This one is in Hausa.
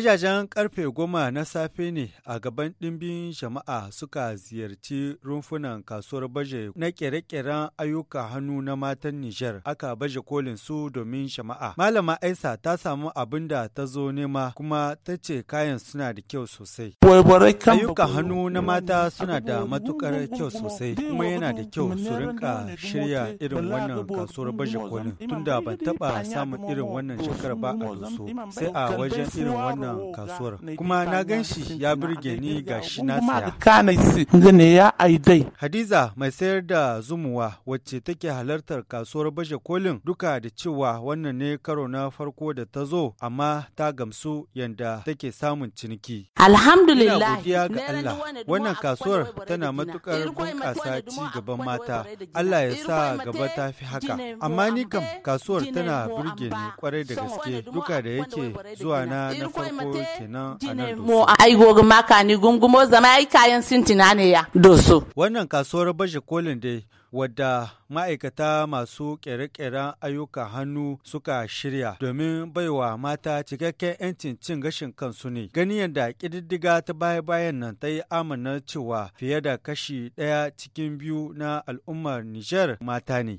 Wajajen karfe goma na safe ne a gaban ɗimbin jama'a suka ziyarci rumfunan kasuwar baje na kere-keren ayyuka hannu na matan Nijar aka baje kolin su domin jama'a. Malama Aisa ta samu abin da ta zo nema kuma ta ce kayan suna da kyau sosai. Ayyuka hannu na mata suna da matukar kyau sosai kuma yana da kyau su rinka shirya irin wannan kasuwar baje kolin tunda ban taba samun irin wannan shekarar ba a sai a wajen irin wannan wannan kasuwar kuma na gan shi ya birge ni ga shi na saya. Hadiza mai sayar da zumuwa wacce take halartar kasuwar baje kolin duka da cewa wannan ne karo na farko da ta zo amma ta gamsu yadda take samun ciniki. Alhamdulillah. Ina godiya ga Allah wannan kasuwar tana matukar bunƙasa ci gaban mata Allah ya sa gaba ta fi haka. Amma ni kam kasuwar tana birge ni kwarai da gaske duka da yake zuwa na na farko farko maka ni gungumo zama kayan sintina ne wannan kasuwar baje kolin dai wadda ma'aikata masu ƙere-ƙeren ayyukan hannu suka shirya domin baiwa mata cikakken 'yancin cin gashin kansu ne. Gani yadda ƙididdiga ta baya-bayan nan ta yi amana cewa fiye da kashi ɗaya cikin biyu na al'ummar Nijar mata ne.